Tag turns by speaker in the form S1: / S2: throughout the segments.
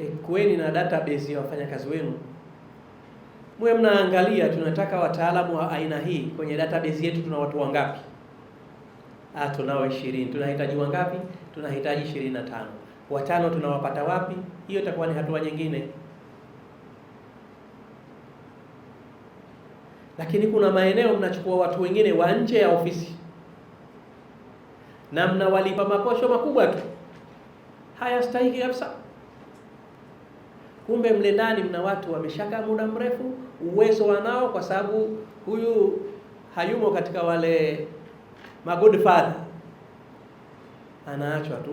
S1: e, na database ya wafanyakazi wenu, mwe mnaangalia tunataka wataalamu wa aina hii kwenye database yetu. Tuna watu wangapi? Ah, tunao ishirini. Tunahitaji wangapi? Tunahitaji 25. na tano. Watano tunawapata wapi? Hiyo itakuwa ni hatua nyingine. Lakini kuna maeneo mnachukua watu wengine wa nje ya ofisi na mnawalipa maposho makubwa tu, hayastahiki kabisa kumbe mle ndani mna watu wameshakaa muda mrefu, uwezo wanao, kwa sababu huyu hayumo katika wale magodfather, anaachwa tu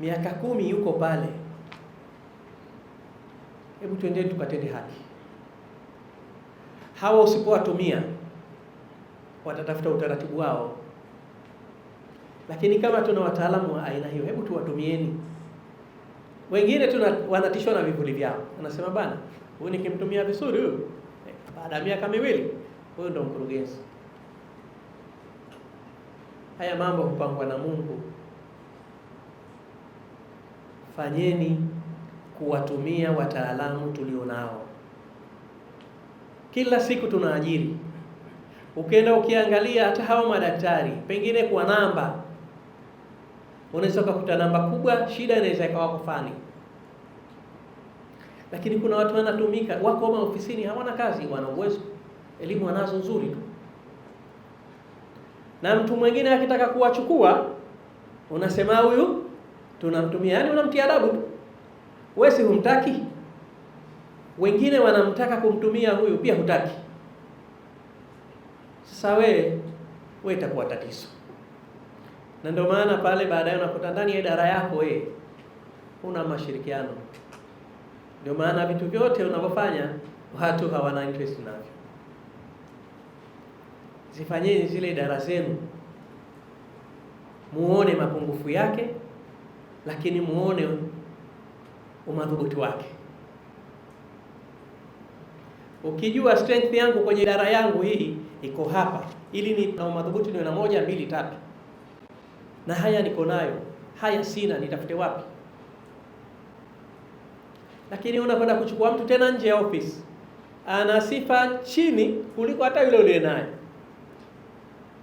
S1: miaka kumi yuko pale. Hebu twende tukatende haki. Hawa usipowatumia watatafuta utaratibu wao, lakini kama tuna wataalamu wa aina hiyo, hebu tuwatumieni. Wengine tu wanatishwa na vivuli vyao, unasema bana, huyu nikimtumia vizuri huyu eh, baada ya miaka miwili huyu ndo mkurugenzi. Haya mambo hupangwa na Mungu. Fanyeni kuwatumia wataalamu tulionao. Kila siku tunaajiri, ukienda ukiangalia hata hao madaktari pengine kwa namba Unaweza ukakuta namba kubwa, shida inaweza ikawa fani Lakini kuna watu wanatumika, wako maofisini, hawana kazi, wana uwezo, elimu wanazo nzuri tu, na mtu mwingine akitaka kuwachukua unasema huyu tunamtumia, yaani unamtia adabu tu, wewe si humtaki. Wengine wanamtaka kumtumia huyu, pia hutaki. Sasa wewe wewe itakuwa tatizo na ndio maana pale baadaye unakuta ndani ya idara yako wewe una mashirikiano. Ndio maana vitu vyote unavyofanya watu hawana interest navyo. Zifanyeni zile idara zenu, muone mapungufu yake, lakini muone umadhubuti wake. Ukijua strength yangu kwenye idara yangu hii iko hapa, ili ni na umadhubuti niwe na moja mbili tatu na haya niko nayo, haya sina, nitafute wapi? Lakini unakwenda kuchukua mtu tena nje ya ofisi, ana sifa chini kuliko hata yule uliye naye,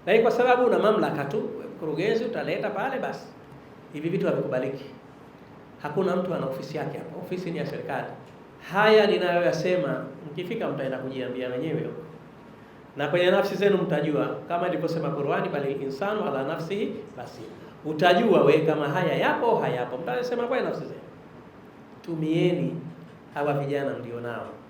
S1: na kwa sababu una mamlaka tu, mkurugenzi utaleta pale, basi hivi vitu havikubaliki. Hakuna mtu ana ofisi yake hapa, ofisi ni ya serikali. Haya ninayoyasema, mkifika mtaenda kujiambia wenyewe na kwenye nafsi zenu mtajua, kama ilivyosema Qur'ani, bali insanu ala nafsihi basir. Utajua we kama haya yapo hayapo, mtasema kwa nafsi zenu. Tumieni hawa vijana mlionao.